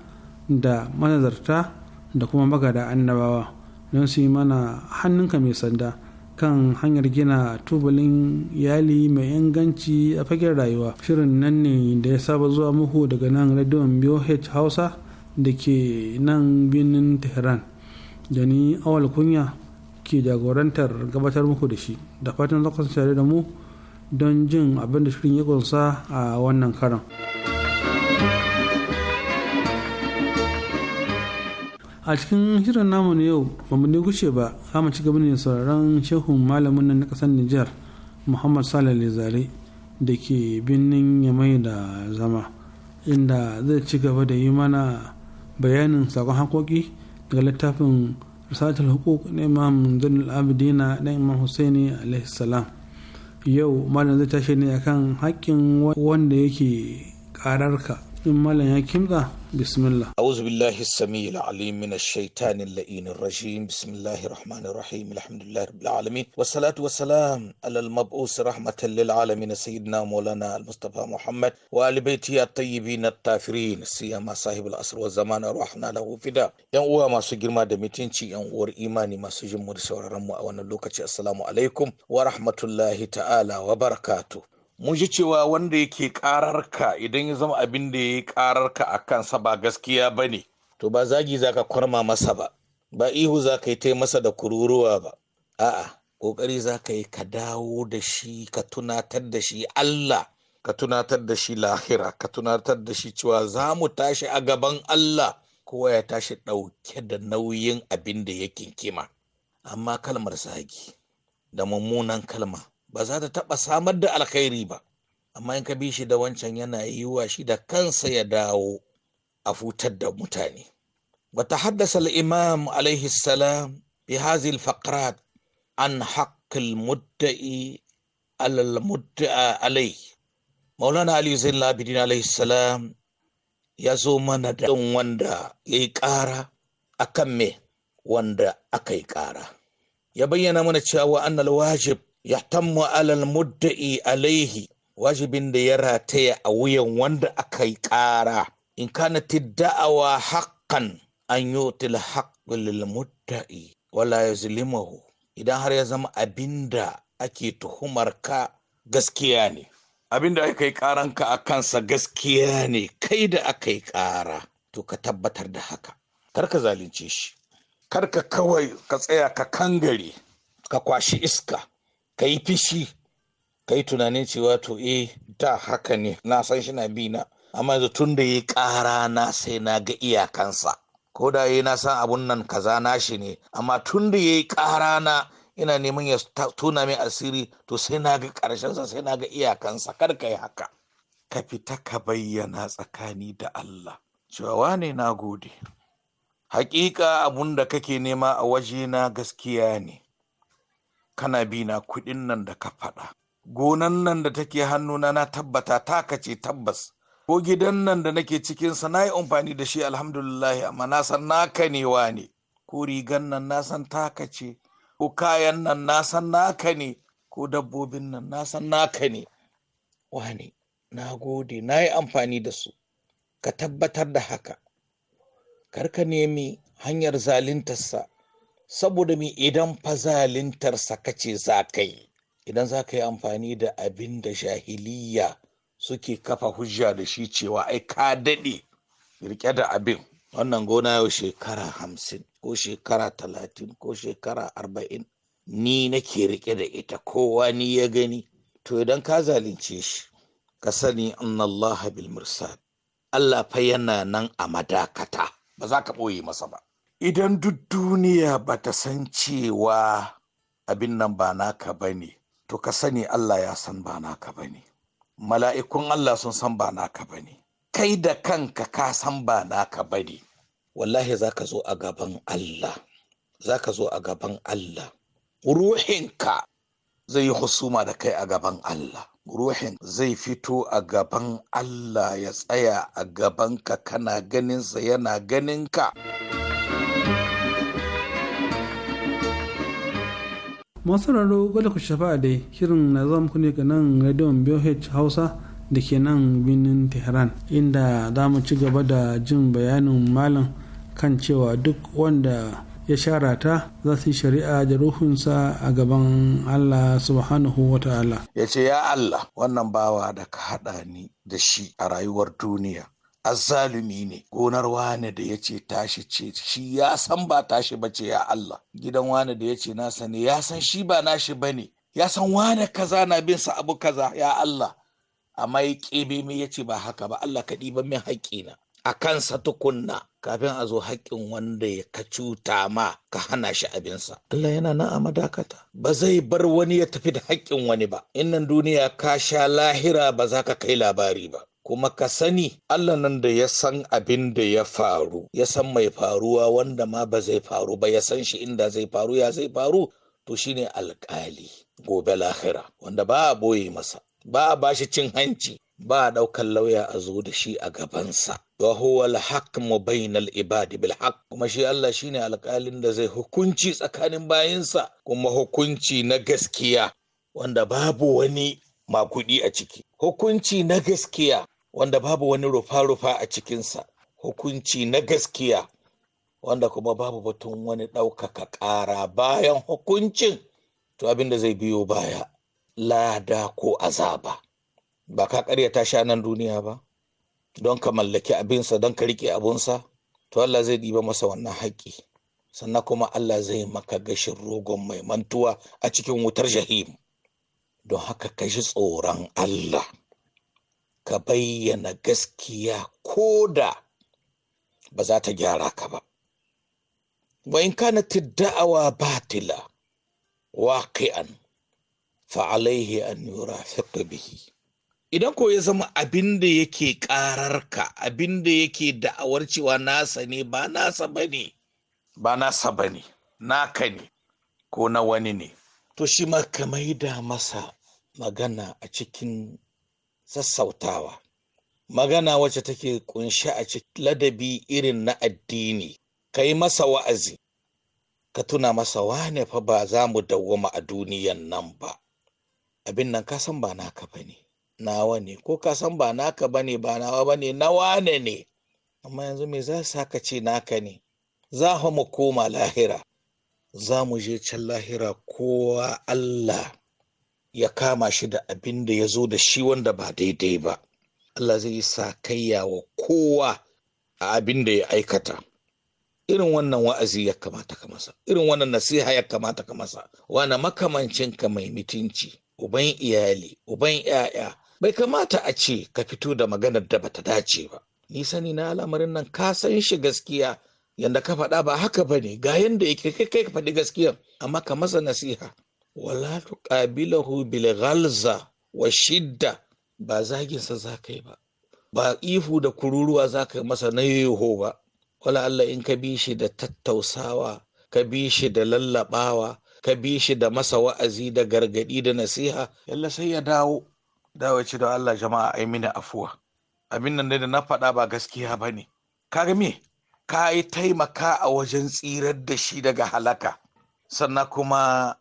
da manazarta da kuma magada annabawa don su yi mana hannunka mai sanda kan hanyar gina tubalin iyali mai inganci a fagen rayuwa shirin nan ne da ya saba zuwa muku daga nan radion BOH hausa da ke nan birnin tehran da ni awal kunya ke jagorantar gabatar muku da shi da fatan za tare da mu don jin abin da shirin ya kunsa a wannan karan. a cikin shirin namu na yau ba mu guce ba za mu ci gaba ne sauraron shehun malamin nan na kasar Nijar Muhammad Salih zare da ke birnin Yamai da zama inda zai ci gaba da yi mana bayanin sakon hakoki daga littafin risatul hukuk na imam munzir abidina na imam husaini alaihi salam yau malam zai tashi ne akan haƙƙin wanda yake ƙararka in malam ya kimza bismillah a'udhu billahi as-sami'il alim min ash-shaytanir la'inir rajim bismillahir rahmanir rahim alhamdulillahi rabbil alamin was-salatu was-salam ala al-mab'us rahmatan lil alamin sayyidina mawlana al-mustafa muhammad wa ali baiti at-tayyibin at-tafirin siyama sahib al-asr wa zaman arwahna lahu fida yan uwa masu girma da mutunci yan uwar imani masu jin mu da sauraron mu a wannan lokaci assalamu alaikum wa rahmatullahi ta'ala wa barakatuh mun ji cewa wanda yake ka idan ya zama abin da ya ka a kansa ba gaskiya ba ne to ba zagi za ka kwarma masa ba ba ihu za ka yi ta masa da kururuwa ba a'a ƙoƙari za ka yi ka dawo da shi ka tunatar da shi allah ka tunatar da shi lahira ka tunatar da shi cewa za mu tashi a gaban allah kowa ya tashi ɗauke da nauyin abin da ya kinkima amma kalmar zagi da mummunan kalma ba za ta taɓa samar da alkhairi ba amma in ka bi shi da wancan yana yiwa shi da kansa ya dawo a futar da mutane وتحدث الإمام عليه السلام بهذه الفقرات عن حق المدعي على المدعى عليه مولانا علي زين العابدين عليه السلام ya zo mana da wanda ya yi ƙara a kan me wanda aka yi ƙara ya bayyana mana cewa annal wajib Ya yahtammu alal mudda'i alaihi wajibin da ya rataya a wuyan wanda aka yi ƙara in kana tidda'awa hakan an yi haqqu lil mudda'i wala zulimahu idan har ya zama abinda ake tuhumar ka gaskiya ne abinda aka yi karanka a kansa gaskiya ne kai da aka yi kara to ka tabbatar da haka kar ka zalunce shi kar ka kawai ka tsaya ka kangare ka kwashi iska ka yi fishi ka yi tunanin cewa to e, da haka ne na san shi na bi na amma yanzu tun da ya ƙara na sai na ga iyakansa ko da ya eh, na san abun nan kaza na shi ne amma tun da ya ƙara na ina neman ya tuna min asiri to sai na ga ƙarshensa sai na ga iyakansa kar ka yi haka ka fita ka bayyana tsakani da Allah cewa ne na gode hakika abun da kake nema a waje na gaskiya ne kana bi na kuɗin nan da ka faɗa gonan nan da take hannuna na tabbata taka ce tabbas ko gidan nan da nake cikinsa na yi amfani da shi alhamdulillah amma na san naka ne wa ne ko rigan nan na san taka ce ko kayan nan na san naka ne ko dabbobin nan na san naka ne wane na gode na yi amfani da su ka tabbatar da haka Kar ka nemi hanyar zalintarsa saboda me idan fazalintarsa kace za ka yi idan za ka yi amfani da abin da jahiliya suke kafa hujja da shi cewa ai ka daɗe rike da abin wannan gona yau shekara hamsin ko shekara talatin ko shekara arba'in ni nake rike da ita kowa ni ya gani to idan ka zalunce shi ka sani annallaha bil mursal Allah fa yana nan a madakata ba za ka ɓoye masa ba idan duk duniya ba ta san cewa abin nan ba naka ba ne to ka sani Allah ya san ba naka ba ne mala'ikun Allah sun san ba naka ba ne kai da kanka ka san ba naka ba ne wallahi za ka zo a gaban Allah za ka zo a gaban Allah ruhinka zai yi husuma da kai a gaban Allah ruhin zai fito a gaban Allah ya tsaya a gabanka kana ganinsa yana ganinka. masu raro gwada ku shafa da shirin na zama ku ne ga nan radion BOH Hausa da ke nan birnin Tehran inda za mu ci gaba da jin bayanin malam kan cewa duk wanda ya sharata ta za su yi shari'a da ruhunsa a gaban Allah subhanahu wa ta'ala. Ya ce, Ya Allah, wannan bawa da ka haɗa ni da shi a rayuwar duniya, azzalumi ne gonar wane da ya ce tashi ce shi ya san ba tashi ba ce ya Allah gidan wane da ya ce nasa ne ya san shi ba nashi ba ne ya san wane kaza na bin sa abu kaza ya Allah amma ya kebe mai ya ce ba haka ba Allah ka ɗiba min haƙƙina a kan sa tukunna kafin a zo haƙƙin wanda ya ka cuta ma ka hana shi abinsa. Allah yana nan a madakata. Ba zai bar wani ya tafi da haƙƙin wani ba. Innan duniya ka sha lahira ba za ka kai labari ba. kuma ka sani Allah nan da ya san abin da ya faru ya san mai faruwa wanda ma ba zai faru ba ya san shi inda zai faru ya zai faru to shine alkali gobe lahira wanda ba a boye masa ba a bashi cin hanci ba a daukan lauya a zo da shi a gabansa wa huwa al bainal ibadi bil haqq kuma shi Allah shine alkalin da zai hukunci tsakanin bayinsa kuma hukunci na gaskiya wanda babu wani makudi a ciki hukunci na gaskiya wanda babu wani rufa-rufa a cikinsa hukunci na gaskiya wanda kuma babu batun wani ɗaukaka ƙara bayan hukuncin to abin da zai biyo baya lada ko azaba ba ka ta shi nan duniya ba don ka mallaki abinsa don ka riƙe abunsa to Allah zai ɗiba masa wannan haƙƙi sannan kuma Allah zai maka gashin rogon mai mantuwa a cikin wutar jahim don haka ka ji tsoron Allah ka bayyana gaskiya ko da ba za ta gyara ka ba wa in kana tidda'awa batila waqi'an fa alaihi an yurafiq bihi idan ko ya zama abin da yake ƙararka abin da yake da'awar cewa nasa ne ba nasa ba ne. ba nasa ba ne. naka ne ko na wani ne to shi ma ka maida masa magana a cikin sassautawa magana wacce take kunshe a ci ladabi irin na addini ka yi masa wa'azi ka tuna masa wane fa ba za mu dawoma a duniyan nan ba abin nan ka san ba naka ba ne nawa ne ko ka san ba naka ba ne ba nawa ba ne na wane ne amma yanzu me za su haka ce naka ne za mu koma lahira za mu je can lahira kowa Allah ya kama shi da abin da ya zo da shi wanda ba daidai ba Allah zai sa kayya wa kowa a abin da ya aikata irin wannan wa'azi ya kamata ka masa irin wannan nasiha ya kamata ka masa wani makamancinka mai mitinci uban iyali uban 'ya'ya bai kamata a ce ka fito da maganar da bata dace ba ni sani na al'amarin nan ka san shi gaskiya yanda ka faɗa ba haka ba ne ga yanda yake kai kai ka faɗi gaskiya amma ka masa nasiha wala tuqabilahu bil ghalza wa shidda ba zaginsa za ka yi ba ba ifu da kururuwa za ka yi masa na yoho ba wala Allah in ka bi shi da tattausawa ka bi shi da lallaɓawa, ka bi shi da masa wa'azi da gargadi da nasiha yalla sai ya dawo dawo ci da Allah jama'a ai mini afuwa abin nan da na faɗa ba gaskiya ba ne kaga me ka yi taimaka a wajen tsirar da shi daga halaka sannan kuma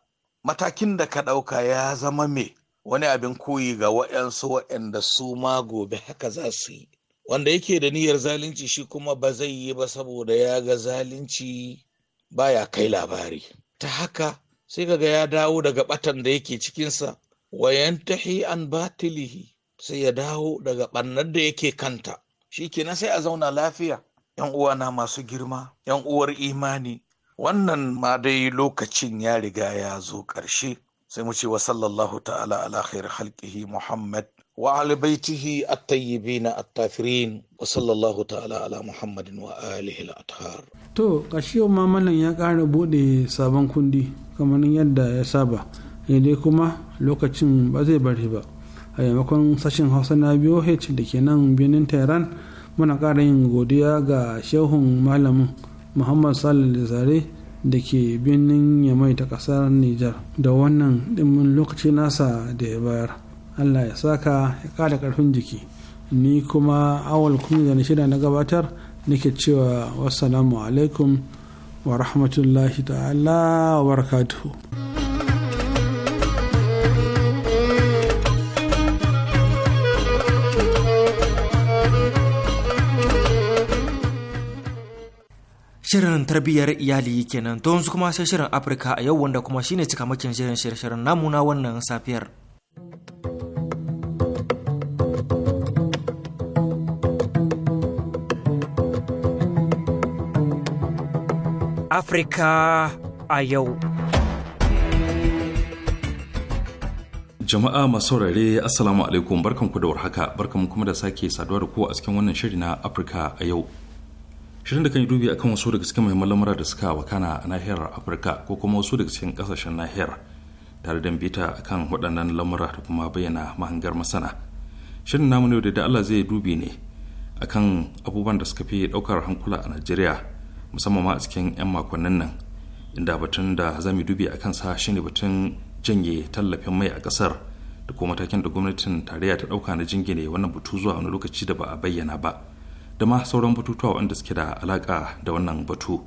matakin da ka ɗauka ya zama me wani abin koyi ga waɗansu waɗanda su ma gobe haka za su yi wanda yake da niyyar zalunci shi kuma ba zai yi ba saboda ya ga zalunci baya kai labari ta haka sai kaga ya dawo daga batan da yake cikinsa wayan tahi an batilihi sai ya dawo daga ɓannar da yake kanta shi kenan sai a zauna lafiya yan uwana masu girma yan uwar imani wannan ma dai lokacin ya riga ya zo ƙarshe sai mu ce wa sallallahu ta'ala ala khair halkihi muhammad wa ali baitihi at-tayyibin at-tafirin wa sallallahu ta'ala ala muhammadin wa alihi al-athar to ƙarshe ma mallan ya ƙara bude sabon kundi kamar yadda ya saba dai kuma lokacin ba zai bari ba a yamakon sashen hausa na h da ke nan birnin tehran muna ƙara yin godiya ga shehun malamin muhammad salih da zare da ke birnin yamai ta kasar nijar da wannan dimin lokaci nasa da ya bayar allah ya saka ya kada karfin jiki ni kuma awal kuma da shida na gabatar nake cewa wassalamu alaikum wa rahmatullahi ta'ala wa barakatuhu Shirin tarbiyyar iyali kenan to yanzu kuma sai shirin Afirka a yau wanda kuma shine cikamakin shirin shirin namu wannan safiyar. Afirka a yau. Jama'a masu saurare Assalamu alaikum barkanku da warhaka barkanku kuma da sake saduwa da ku a cikin wannan shiri na Afirka a yau. shirin da kan yi dubi akan wasu daga cikin muhimman lamura da suka wakana a nahiyar afirka ko kuma wasu daga cikin kasashen nahiyar tare da bita akan waɗannan lamura da kuma bayyana mahangar masana shirin namu ne da allah zai dubi ne akan abubuwan da suka fi ɗaukar hankula a najeriya musamman ma a cikin 'yan makonnin nan inda batun da za mu dubi akan sa shine batun janye tallafin mai a ƙasar da kuma matakin da gwamnatin tarayya ta ɗauka na jingine wannan batu zuwa wani lokaci da ba a bayyana ba da ma sauran batutuwa wanda suke da alaƙa da wannan batu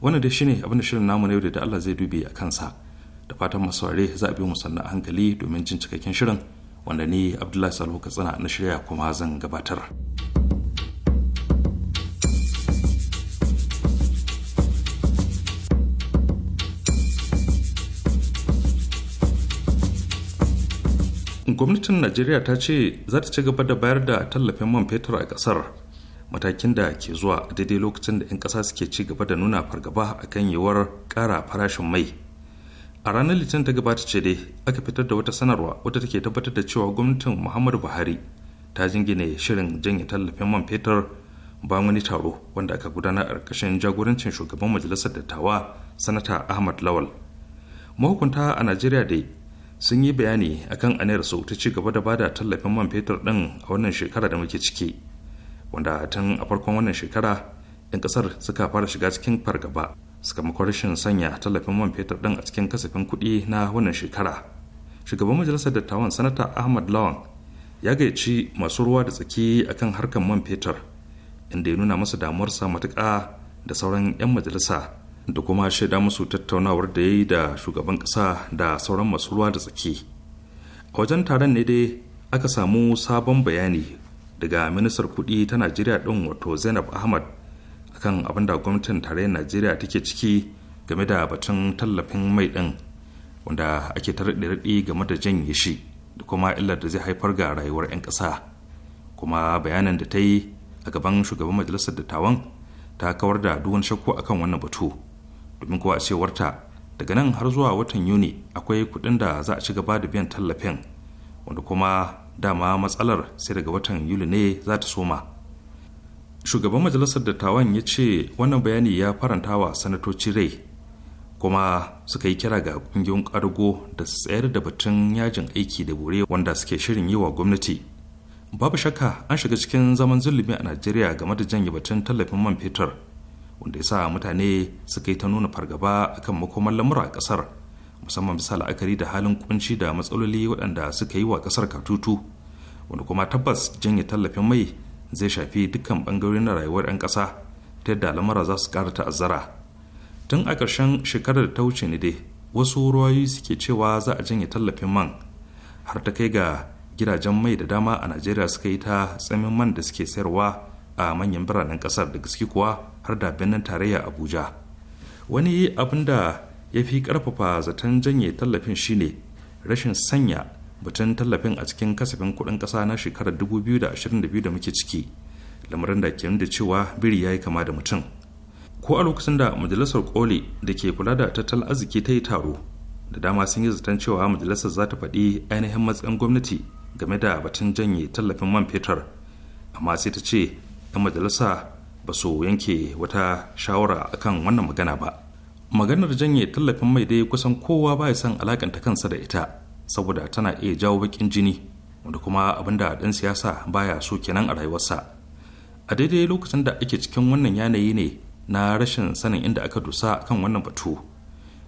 wannan dai shine abin da shirin namu na yau da Allah zai dube a kansa da fatan masaurare za a bi mu sannan a hankali domin jin cikakken shirin wanda ni Abdullahi Salihu Katsina na shirya kuma zan gabatar. gwamnatin najeriya ta ce za ta ci gaba da bayar da tallafin man fetur a kasar matakin da ke zuwa daidai lokacin da 'yan ƙasa suke ci gaba da nuna fargaba a kan yiwuwar ƙara farashin mai a ranar litinin ta gabata ce dai aka fitar da wata sanarwa wadda take tabbatar da cewa gwamnatin muhammadu buhari ta jingine shirin janye tallafin man fetur bayan wani taro wanda aka gudanar a ƙarƙashin jagorancin shugaban majalisar dattawa sanata ahmad lawal mahukunta a najeriya dai sun yi bayani akan anayar su ta ci gaba da bada tallafin man fetur ɗin a wannan shekara da muke ciki wanda tun a farkon wannan shekara 'yan kasar suka fara shiga cikin fargaba suka mako rashin sanya tallafin man fetur ɗin a cikin kasafin kuɗi na wannan shekara shugaban majalisar dattawan sanata ahmad lawan ya gayyaci masu ruwa da tsaki akan harkar man fetur inda ya nuna masa damuwarsa matuƙa da sauran 'yan majalisa da kuma shaida musu tattaunawar da ya yi da shugaban ƙasa da sauran masu ruwa da tsaki a wajen taron ne dai aka samu sabon bayani daga ministar kuɗi ta najeriya ɗin wato zainab ahmad akan abin da gwamnatin tarayyar najeriya take ciki game da batun tallafin mai din wanda ake ta raɗe game da janye shi da kuma illar da zai haifar ga rayuwar 'yan ƙasa kuma bayanin da ta yi a gaban shugaban majalisar dattawan ta kawar da duwan shakku akan wannan batu domin kuwa cewarta daga nan har zuwa watan yuni akwai kuɗin da za a ci gaba da biyan tallafin wanda kuma dama matsalar sai daga watan yuli ne za ta soma shugaban majalisar dattawan ya ce wannan bayani ya faranta wa sanatoci rai kuma suka yi kira ga kungiyoyin ƙargo da su tsayar da batun yajin aiki da bore wanda suke shirin yi wa gwamnati babu shakka an shiga cikin zaman zulumi a najeriya game da janye batun tallafin man fetur wanda ya sa mutane suka yi ta nuna fargaba akan makomar lamura a ƙasar musamman bisa la'akari da halin kunci da matsaloli waɗanda suka yi wa ƙasar katutu wanda kuma tabbas janye tallafin mai zai shafi dukkan bangarori na rayuwar 'yan ƙasa ta yadda lamura za su ƙara ta'azzara tun a ƙarshen shekarar da ta wuce ne dai wasu ruwayoyi suke cewa za a janye tallafin man har ta kai ga gidajen mai da dama a najeriya suka yi ta tsamin man da suke sayarwa a manyan biranen ƙasar da gaske kuwa har da birnin tarayya abuja wani abin da ya fi karfafa zaton janye tallafin shine rashin sanya batun tallafin a cikin kasafin kuɗin ƙasa na shekarar 2022 da muke ciki lamarin da ke nuna cewa biri ya yi kama da mutum ko a lokacin da majalisar koli da ke kula da tattalin arziki ta yi taro da dama sun yi zaton cewa majalisar za ta faɗi ainihin matsayin gwamnati game da batun janye tallafin man fetur amma sai ta ce 'yan majalisa ba su yanke wata shawara akan wannan magana ba maganar janye tallafin mai dai kusan kowa baya son alakanta kansa da ita saboda tana iya jawo bakin jini wanda kuma abin da ɗan siyasa baya so kenan a rayuwarsa a daidai lokacin da ake cikin wannan yanayi ne na rashin sanin inda aka dusa kan wannan batu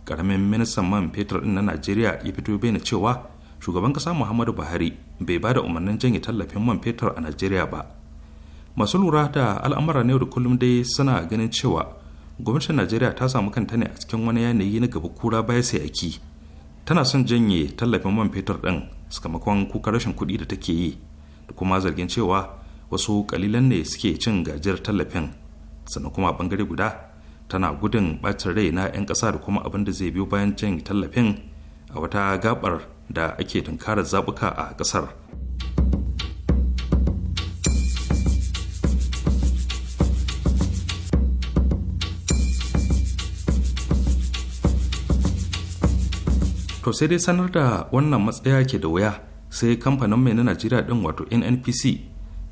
karamin ministan man fetur din na najeriya ya fito bayyana cewa shugaban ƙasa muhammadu buhari bai bada umarnin janye tallafin man fetur a najeriya ba masu lura da al'amura yau da kullum dai suna ganin cewa gwamnatin najeriya ta samu kanta ne a cikin wani yanayi na gaba kura baya sai aki tana son janye tallafin man fetur ɗin sakamakon kuka rashin kuɗi da take yi da kuma zargin cewa wasu kalilan ne suke cin gajiyar tallafin sannan kuma a bangare guda tana gudun ɓacin rai na 'yan ƙasa da kuma abin da zai biyo bayan janye tallafin a wata gabar da ake tunkarar zaɓuka a ƙasar. to sai dai sanar da wannan matsaya ke da wuya sai kamfanin mai na najeriya din wato nnpc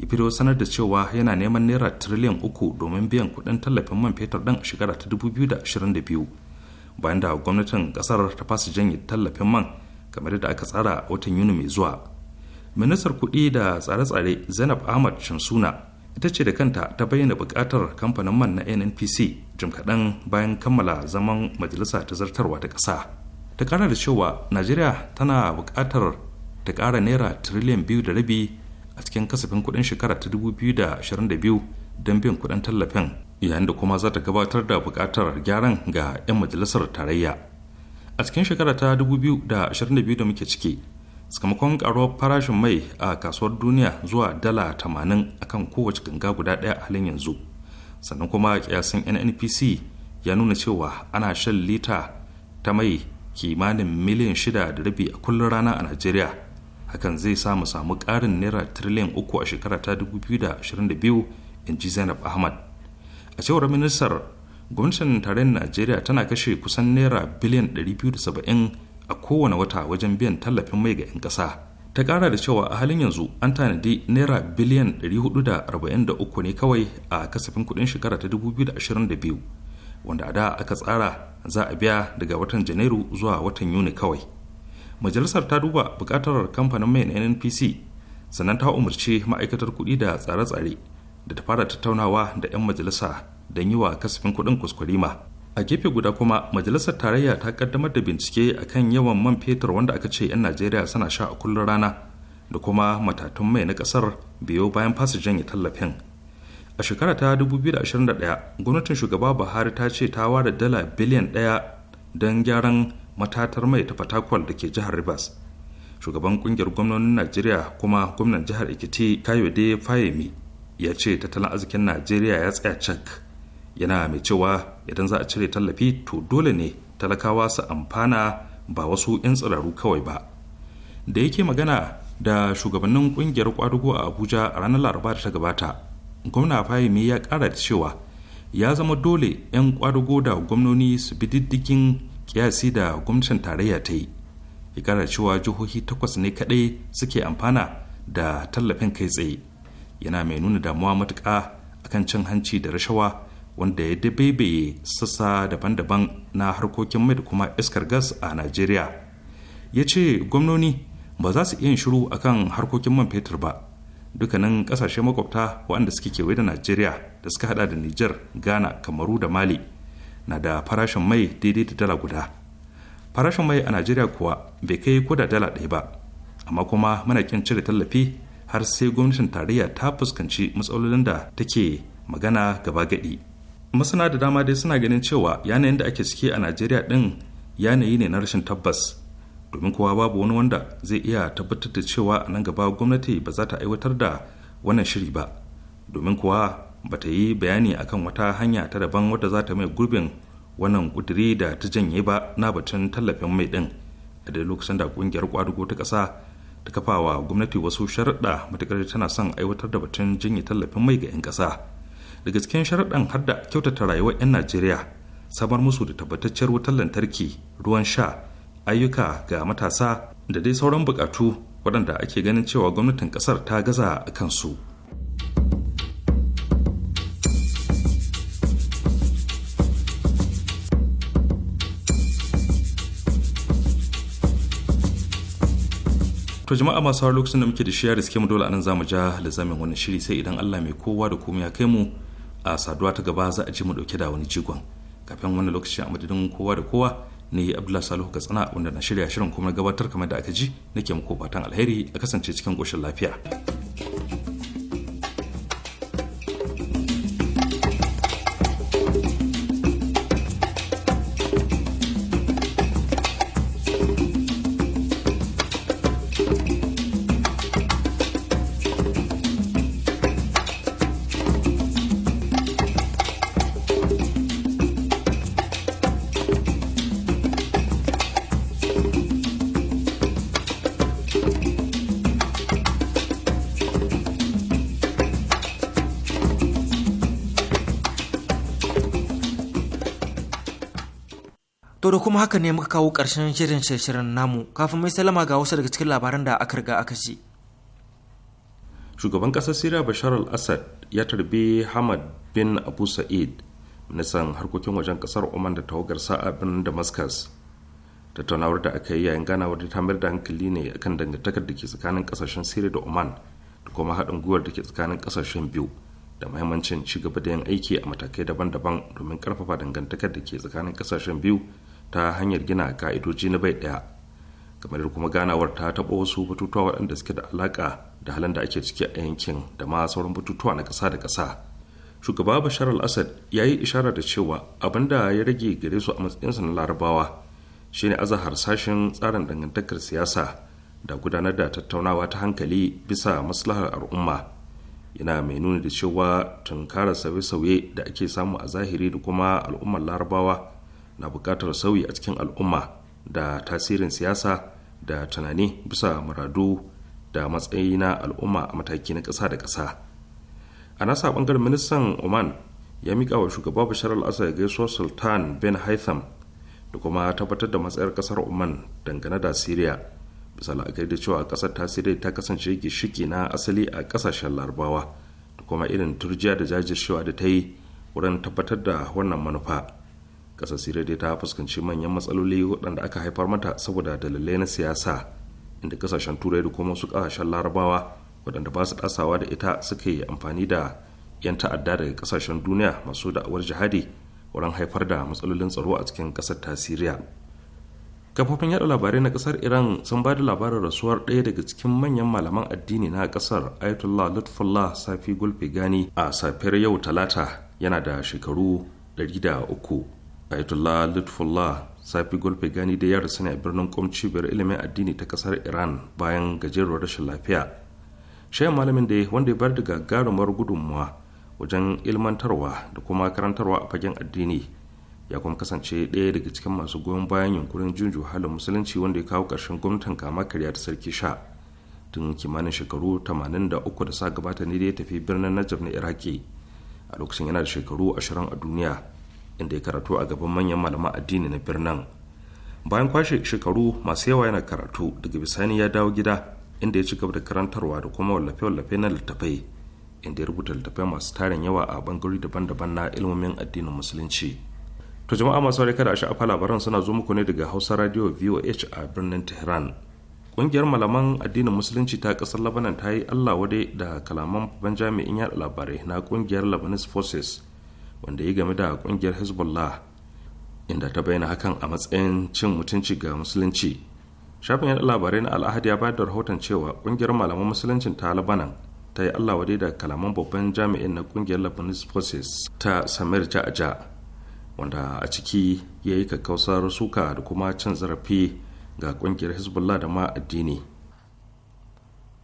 ya fito sanar da cewa yana neman naira tiriliyan uku domin biyan kuɗin tallafin man fetur din a shekara ta 2022 bayan da gwamnatin ƙasar ta fasa janye tallafin man kamar da aka tsara a watan yuni mai zuwa ministar kuɗi da tsare-tsare zainab ahmad shamsuna ita ce da kanta ta bayyana buƙatar kamfanin man na nnpc jim kaɗan bayan kammala zaman majalisa ta zartarwa ta ƙasa ta kara da cewa najeriya tana buƙatar ta ƙara naira tiriliyan biyu da rabi a cikin kasafin kuɗin shekara ta 2022 don biyan kuɗin tallafin yayin da kuma za ta gabatar da buƙatar gyaran ga 'yan majalisar tarayya a cikin shekara ta 2022 da muke ciki sakamakon karuwar farashin mai a kasuwar duniya zuwa dala 80 akan kowace ganga guda ɗaya a halin yanzu sannan kuma kiyasin nnpc ya nuna cewa ana shan lita ta mai kimanin miliyan shida da rabi a kullun rana a najeriya hakan zai sa mu samu ƙarin naira tiriliyan uku a shekara ta 2022 in ji zainab ahmad a cewar ministar gwamnatin tarayyar najeriya tana kashe kusan naira biliyan 270 a kowane wata wajen biyan tallafin mai ga 'yan ƙasa ta ƙara da cewa a halin yanzu an tanadi naira biliyan 443 ne kawai a kasafin kuɗin shekara ta 2022 wanda a da aka tsara za a biya daga watan janairu zuwa watan yuni kawai majalisar ta duba bukatar kamfanin mai na nnpc sannan ta umarci ma'aikatar kudi da tsare-tsare da ta fara tattaunawa da 'yan majalisa don yi wa kasafin kuɗin kuskurima a gefe guda kuma majalisar tarayya ta kaddamar da bincike a kan yawan man fetur wanda aka ce 'yan najeriya suna sha a kullum rana da kuma matatun mai na kasar biyo bayan fasijan ya tallafin a shekara ta 2021 gwamnatin shugaba buhari ta ce ta ware dala biliyan ɗaya don gyaran matatar mai ta fatakwal da ke jihar rivers shugaban kungiyar gwamnonin najeriya kuma gwamnan jihar ikiti kayode fayemi ya ce tattalin arzikin najeriya ya tsaya cak yana mai cewa idan za a cire tallafi to dole ne talakawa su amfana ba wasu 'yan tsiraru kawai ba da yake magana da shugabannin kungiyar kwadugo a abuja a ranar laraba da ta gabata gwamna fahimi ya kara cewa ya zama dole 'yan kwadugo da gwamnoni su bi diddigin kiyasi da gwamnatin tarayya ta yi ya kara cewa jihohi takwas ne kadai suke amfana da tallafin kai tsaye yana mai nuna damuwa matuka akan cin hanci da rashawa wanda ya dabaibaye sassa daban-daban na harkokin mai da kuma iskar gas a nigeria ya ce gwamnoni ba za su iya shiru akan harkokin man fetur ba dukkanin kasashe makwabta waɗanda suke kewaye da najeriya da suka hada da niger ghana kamaru da mali na da farashin mai daidai da dala guda farashin mai a najeriya kuwa bai kai ko da dala ɗaya ba amma kuma muna kin cire tallafi har sai gwamnatin tarayya ta fuskanci matsalolin da take magana gaba gadi masana da dama dai suna ganin cewa yanayin da ake ciki a najeriya ɗin yanayi ne na rashin tabbas domin kowa babu wani wanda zai iya tabbatar da cewa a nan gaba gwamnati ba za ta aiwatar da wannan shiri ba domin kuwa ba ta yi bayani akan wata hanya ta daban wadda za ta mai gurbin wannan kuduri da ta janye ba na batun tallafin mai din a da lokacin da kungiyar kwadugo ta kasa ta kafa wa gwamnati wasu sharaɗa matuƙar tana son aiwatar da batun janye tallafin mai ga 'yan ƙasa daga cikin sharaɗan har da kyautata rayuwar 'yan najeriya samar musu da tabbatacciyar wutar lantarki ruwan sha ayyuka ga matasa da dai sauran bukatu waɗanda ake ganin cewa gwamnatin ƙasar ta gaza a kansu. to jama'a masu har lokacin da muke da shiyar suke mu dole anan mu ja lizamin wani shiri sai idan Allah mai kowa da komai ya kai mu a saduwa ta gaba za a ji mu ɗauke da wani jigon kafin wani lokaci a madadin kowa da kowa ni abdullahi salihu katsina wanda na shirya shirin kuma gabatar kamar da aka ji nake muku fatan alheri a kasance cikin ƙoshin lafiya haka ne muka kawo ƙarshen shirin shirin namu kafin mai salama ga wasu daga cikin labaran da aka riga aka ji. Shugaban ƙasar Siriya Bashar al-Assad ya tarbi Hamad bin Abu Sa'id nisan harkokin wajen kasar Oman da tawagar sa'a birnin Damascus. Tattaunawar da aka yi yayin ganawar da tamar da hankali ne akan dangantakar da ke tsakanin kasashen Siriya da Oman da kuma haɗin gwiwar da ke tsakanin kasashen biyu. da mahimmancin ci gaba da yin aiki a matakai daban-daban domin karfafa dangantakar da ke tsakanin kasashen biyu ta hanyar gina ka'idoji na bai ɗaya kamar kuma ganawar ta taɓa wasu batutuwa waɗanda suke da alaƙa da halin da ake ciki a yankin da ma sauran batutuwa na ƙasa da ƙasa shugaba bashar al-assad ya yi ishara da cewa abin da ya rage gare su a matsayinsa na larabawa shine azahar sashen tsarin dangantakar siyasa da gudanar da tattaunawa ta hankali bisa maslahar al'umma yana mai nuni da cewa tunkarar sauye-sauye da ake samu a zahiri da kuma al'ummar larabawa na buƙatar sauyi a cikin al'umma da tasirin siyasa da tunani bisa muradu da matsayi na al'umma a mataki na ƙasa da ƙasa a nasa ɓangaren ministan oman ya miƙa wa shugaba bashar al-assad gaisuwar sultan bin haitham da kuma tabbatar da matsayar ƙasar oman dangane da syria bisa la'akari da cewa ƙasar ta syria ta kasance gishiki na asali a ƙasashen larabawa da kuma irin turjiya da jajircewa da ta yi wurin tabbatar da wannan manufa kasar siriya dai ta fuskanci manyan matsaloli waɗanda aka haifar mata saboda dalilai na siyasa inda kasashen turai da kuma wasu kasashen larabawa waɗanda ba su ɗasawa da ita suka yi amfani da 'yan ta'adda daga kasashen duniya masu da'awar jihadi wurin haifar da matsalolin tsaro a cikin ƙasar ta siriya kafofin yada labarai na ƙasar iran sun ba da labarin rasuwar ɗaya daga cikin manyan malaman addini na ƙasar ayatollah lutfullah safi gulfi gani a safiyar yau talata yana da shekaru 300 ayatollah lutfullah safi gulfe gani da ya rasu ne a birnin kom cibiyar ilimin addini ta kasar iran bayan gajeruwar rashin lafiya shayin malamin da ya wanda ya bar da gagarumar gudunmuwa wajen ilmantarwa da kuma karantarwa a fagen addini ya kuma kasance ɗaya daga cikin masu goyon bayan yunkurin junju halin musulunci wanda ya kawo ƙarshen gwamnatin kama karya ta sarki sha tun kimanin shekaru 83 da sa gabata ne da ya tafi birnin najaf na iraki a lokacin yana da shekaru 20 a duniya inda ya karatu a gaban manyan malaman addini na birnin bayan kwashe shekaru masu yawa yana karatu daga bisani ya dawo gida inda ya ci gaba da karantarwa da kuma wallafe-wallafe na littafai inda ya rubuta littafai masu tarin yawa a bangarori daban-daban na ilmomin addinin musulunci to jama'a masu kada a sha'afa labaran suna zo muku ne daga hausa radio voh a birnin tehran Ƙungiyar malaman addinin Musulunci ta ƙasar labanan ta yi Allah wade da kalaman ban jami'in yaɗa labarai na ƙungiyar Lebanese Forces wanda ya game da kungiyar hezbollah inda ta bayyana hakan a matsayin cin mutunci ga musulunci shafin yada labarai na al'ahadi ya bayar da rahoton cewa kungiyar malaman musuluncin ta labanan ta yi allah wadai da kalaman babban jami'in na kungiyar lebanese forces ta samir ja'aja wanda a ciki ya yi kakkausar suka da kuma cin zarafi ga kungiyar hezbollah da ma addini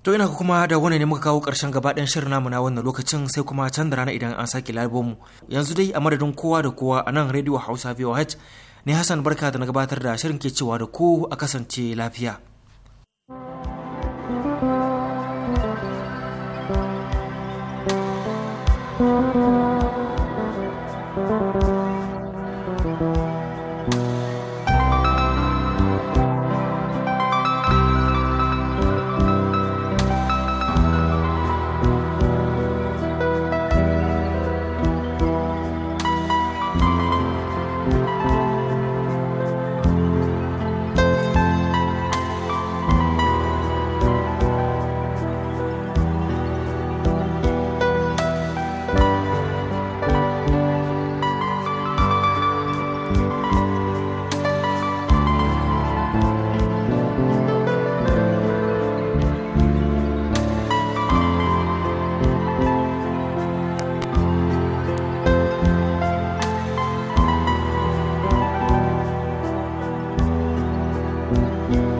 To ina kuma da wani ne muka kawo ƙarshen gabaɗayan shirin namu na wannan lokacin sai kuma can da rana idan an sake mu Yanzu dai a madadin kowa da kowa a nan rediyo Hausa VOH ne Hassan Barka da na gabatar da shirin ke cewa da ku a kasance lafiya. Thank you.